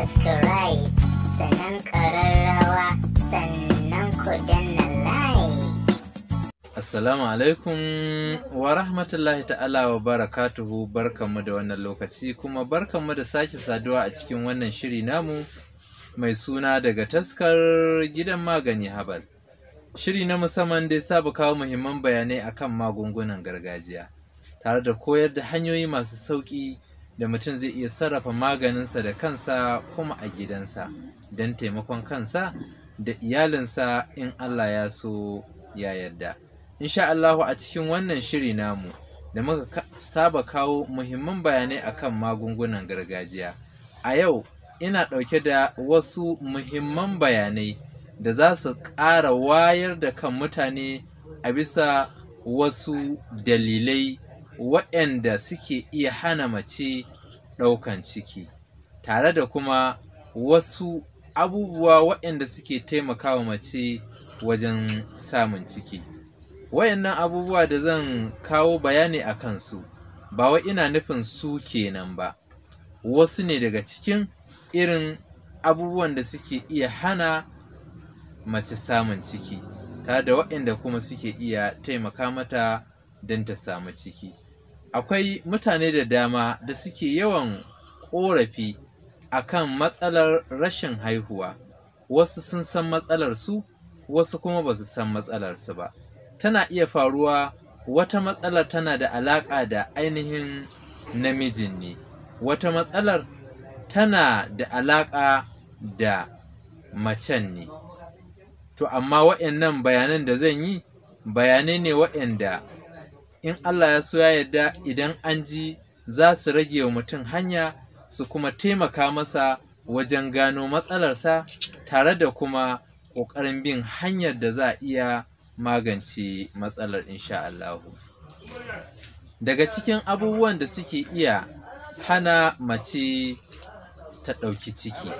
subscribe sannan ƙararrawa sannan ku danna like. Assalamu alaikum wa rahmatullahi ta'ala wa barakatuhu barkanmu da wannan lokaci kuma barkanmu da sake saduwa a cikin wannan shiri namu mai suna daga taskar gidan magani habal. Shiri na musamman da ya saba kawo muhimman bayanai akan magungunan gargajiya tare da koyar da hanyoyi masu sauƙi da mutum zai iya sarrafa maganinsa da kansa kuma a gidansa don taimakon kansa da iyalinsa in Allah ya so ya yarda. Insha Allah a cikin wannan shiri namu da muka saba kawo muhimman bayanai akan magungunan gargajiya. A yau ina ɗauke da wasu muhimman bayanai da za su ƙara wayar da kan mutane a bisa wasu dalilai waɗanda suke iya hana mace ɗaukan ciki tare da kuma wasu abubuwa waɗanda suke taimakawa mace wajen samun ciki wayannan abubuwa da zan kawo bayani a kansu ba wai ina nufin su kenan ba wasu ne daga cikin irin abubuwan da suke iya hana mace samun ciki tare da waɗanda kuma suke iya taimaka mata don ta samu ciki akwai mutane da dama da suke yawan ƙorafi a kan matsalar rashin haihuwa wasu sun san matsalarsu wasu kuma ba su san matsalarsu ba tana iya faruwa wata matsalar tana da alaƙa da ainihin namijin ne wata matsalar tana da alaƙa da macen ne to amma waɗannan bayanan da zan yi bayanai ne waɗanda in Allah ya so ya yadda idan an ji za su rage wa mutum hanya su kuma taimaka masa wajen gano matsalarsa tare da kuma ƙoƙarin bin hanyar da za a iya magance matsalar insha Allah. Daga cikin abubuwan da suke iya hana mace ta ɗauki ciki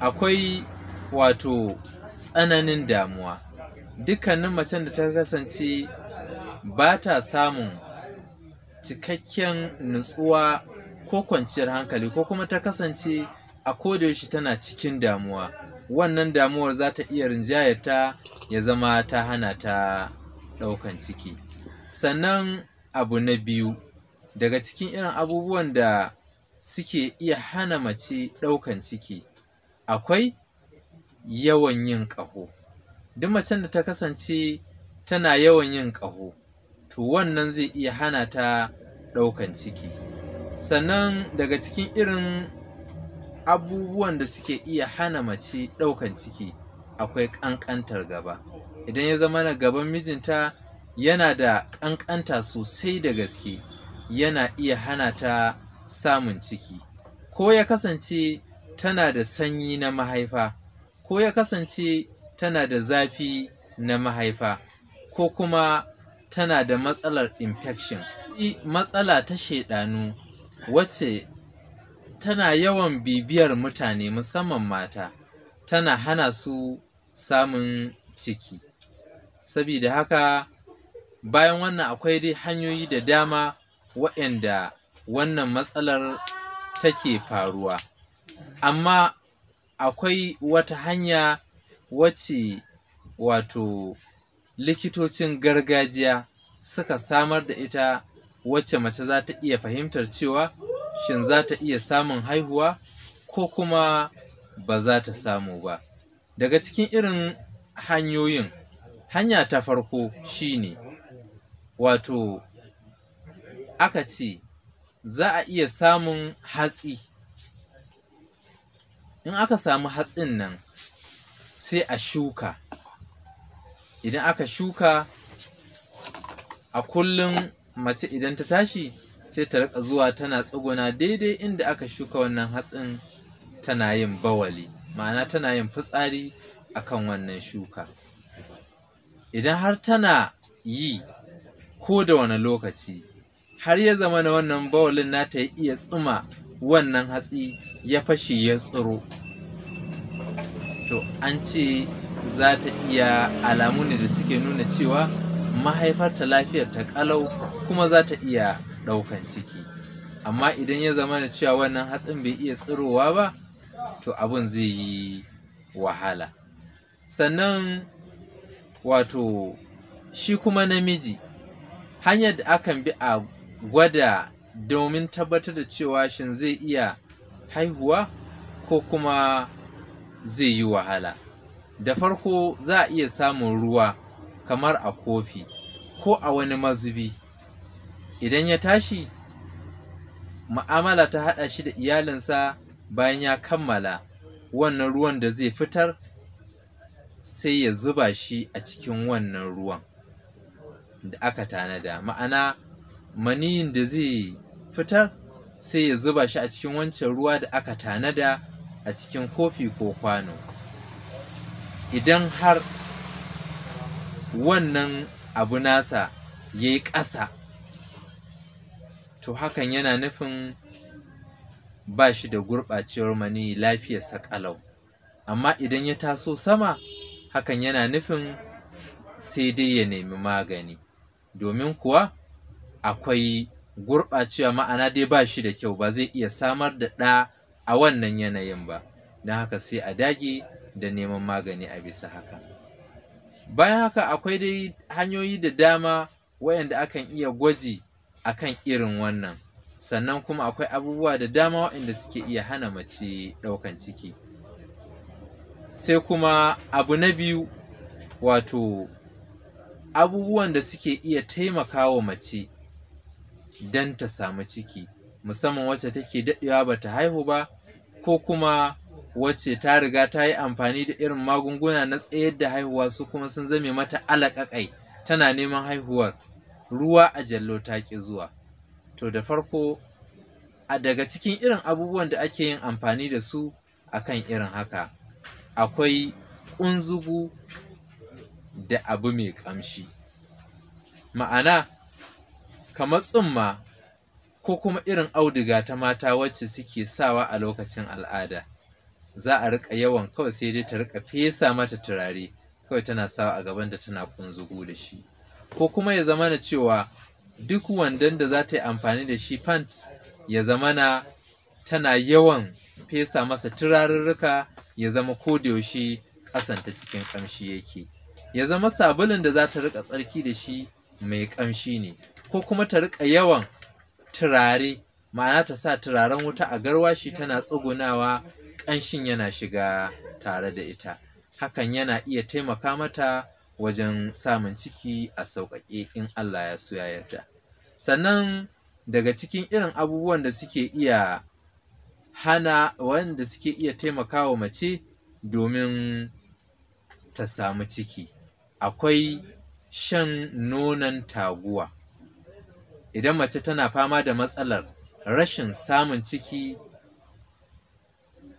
akwai wato tsananin damuwa dukkanin macen da ta kasance ba ta samun cikakken nutsuwa ko kwanciyar hankali ko kuma ta kasance a kodayaushe tana cikin damuwa wannan damuwar za ta iya rinjayarta ya zama ta hana ta ɗaukan ciki sannan abu na biyu daga cikin irin abubuwan da suke iya hana mace ɗaukan ciki akwai yawan yin ƙaho duk macen da ta kasance tana yawan yin ƙaho to wannan zai iya hana ta ɗaukan ciki sannan daga cikin irin abubuwan da suke iya hana mace ɗaukan ciki akwai ƙanƙantar gaba idan ya zama na gaban mijinta yana da ƙanƙanta sosai da gaske yana iya hana ta samun ciki ko ya kasance tana da sanyi na mahaifa ko ya kasance tana da zafi na mahaifa ko kuma tana da matsalar infection matsala ta shaidanu wacce tana yawan bibiyar mutane musamman mata tana hana su samun ciki sabida haka bayan wannan akwai dai hanyoyi da dama waɗanda wannan matsalar take faruwa amma akwai wata hanya wacce wato likitocin gargajiya suka samar da ita wacce mace za ta iya fahimtar cewa shin za ta iya samun haihuwa ko kuma ba za ta samu ba daga cikin irin hanyoyin hanya ta farko shi ne. wato aka ce za a iya samun hatsi in aka samu hatsin nan sai a shuka idan aka shuka a kullum mace idan ta tashi sai ta rika zuwa tana tsuguna daidai inda aka shuka wannan hatsin tana yin bawali ma'ana tana yin fitsari akan wannan shuka idan har tana yi ko da wani lokaci har ya zama na wannan bawalin nata ya iya tsuma wannan hatsi ya fashe ya tsiro to an ce za ta iya alamu ne da suke nuna cewa mahaifarta lafiyar ta kalau kuma za ta iya ɗaukan ciki amma idan ya zama da cewa wannan hatsin bai iya tsirowa ba to abin zai yi wahala sannan wato shi kuma namiji hanyar da akan bi a gwada domin tabbatar da cewa shin zai iya haihuwa ko kuma zai yi wahala da farko za a iya samun ruwa kamar a kofi ko a wani mazubi idan ya tashi ma'amala ta haɗa shi da iyalinsa bayan ya kammala wannan ruwan da zai fitar sai ya zuba shi a cikin wannan ruwan da aka tanada ma'ana maniyin da zai fitar sai ya zuba shi a cikin wancan ruwa da aka tanada a cikin kofi ko kwano idan har wannan abu nasa ya yi ƙasa to hakan yana nufin ba shi da gurɓacewar mani lafiyarsa ƙalau amma idan ya taso sama hakan yana nufin sai dai ya nemi magani domin kuwa akwai gurɓacewa ma'ana dai ba shi da kyau ba zai iya samar da ɗa a wannan yanayin ba don haka sai a dage da neman magani a bisa haka bayan haka akwai dai hanyoyi da dama wayanda akan iya gwaji a kan irin wannan sannan kuma akwai abubuwa da dama wayanda suke iya hana mace ɗaukan ciki sai kuma abu na biyu wato abubuwan da suke iya taimakawa mace don ta samu ciki musamman wacce take daɗewa ba ta haihu ba ko kuma wacce ta riga ta yi amfani da irin magunguna na tsayar da haihuwa su kuma sun zame mata alaƙaƙai tana neman haihuwar ruwa a jallo ta ƙi zuwa to da farko a daga cikin irin abubuwan da ake yin amfani da su a kan irin haka akwai ƙunzugu da abu mai ƙamshi ma'ana kamar tsumma ko kuma irin auduga ta mata wacce suke sawa a lokacin al'ada za a rika yawan kawai sai dai ta rika fesa mata turare kawai tana sawa a gaban da tana kunzugu da shi ko kuma ya zama na cewa duk wandan da za ta yi amfani da shi pant ya zama na tana yawan fesa masa turarurruka ya zama ko da kodayaushe ƙasanta cikin ƙamshi yake ya zama sabulun da za ta rika tsarki da shi mai ƙamshi ne ko kuma ta rika yawan turare ma'ana ta sa turaren wuta a garwashi tana tsugunawa ƙanshin yana shiga tare da ita hakan yana iya taimaka mata wajen samun ciki a sauƙaƙe in Allah ya so ya yarda sannan daga cikin irin abubuwan da suke iya hana wanda suke iya taimakawa mace domin ta samu ciki akwai shan nonon taguwa idan mace tana fama da matsalar rashin samun ciki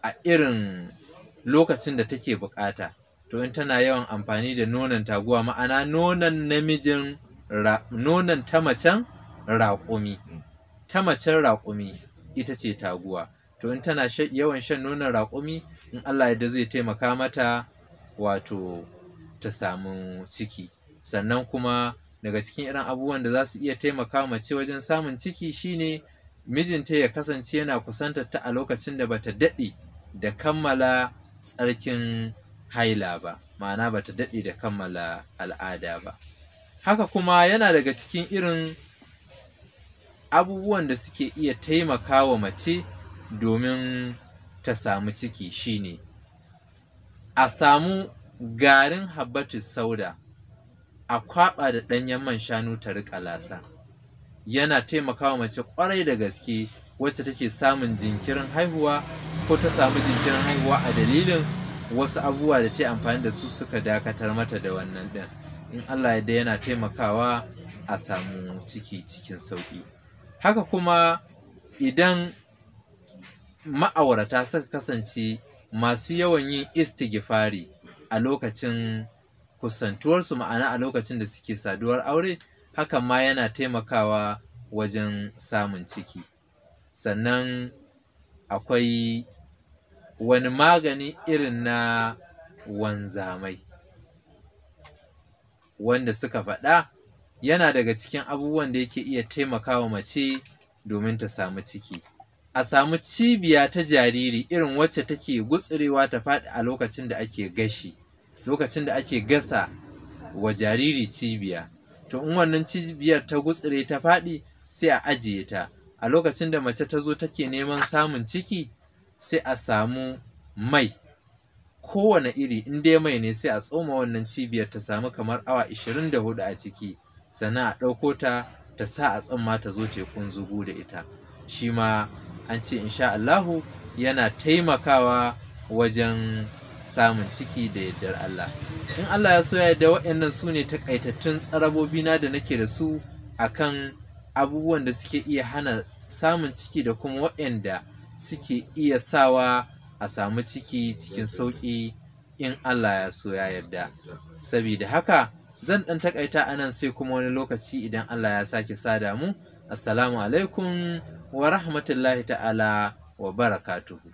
a irin lokacin da take bukata To in tana yawan amfani da nonon taguwa ma'ana nonon namijin nonon ta macen raƙumi. Ta macen raƙumi ita ce taguwa. To in tana yawan shan nonon raƙumi in Allah yadda zai taimaka mata wato ta samu ciki. Sannan kuma daga cikin irin abubuwan da za su iya taimaka mace wajen samun ciki shine mijinta ya kasance yana kusantar ta a lokacin da bata daɗe da kammala tsarkin haila ba ma'ana ba ta daɗe da kammala al'ada ba haka kuma yana daga cikin irin abubuwan da suke iya taimakawa mace domin ta samu ciki shine a samu garin habbatus sauda a kwaɓa da ɗanyen man shanu ta riƙa lasa yana taimakawa mace ƙwarai da gaske wacce take samun jinkirin haihuwa ko ta samu jinkirin haihuwa a dalilin wasu abubuwa da ta amfani da su suka dakatar mata da wannan ɗin in allah ya yana taimakawa a samu ciki cikin sauƙi haka kuma idan ma'aurata suka kasance masu yawan yin istigifari a lokacin kusantuwarsu ma'ana a lokacin da suke saduwar aure hakan ma yana taimakawa wajen samun ciki sannan akwai wani magani irin na wanzamai wanda suka faɗa yana daga cikin abubuwan da yake iya taimakawa mace domin ta samu ciki a samu cibiya ta jariri irin wacce take gutsurewa ta faɗi a lokacin da ake gashi lokacin da ake gasa wa jariri cibiya to in wannan cibiyar ta gutsire ta faɗi sai a ajiye ta a lokacin da mace ta zo take neman samun ciki sai a samu mai kowane iri in dai mai ne sai a tsoma wannan cibiyar ta samu kamar awa 24 a ciki sannan a ɗauko ta ta sa a tsamma ta zo tekun zugu da ita shi ma an ce insha Allahu yana taimakawa wajen samun ciki da yardar Allah in Allah ya so ya da waɗannan su ne takaitattun tsarabobi na da nake da su akan abubuwan da suke iya hana samun ciki da kuma waɗanda suke iya sawa a samu ciki cikin sauƙi in Allah ya so ya yarda. Sabida haka zan ɗan takaita a nan sai kuma wani lokaci idan Allah ya sake sada mu. Assalamu alaikum wa rahmatullahi ta'ala wa barakatuhu.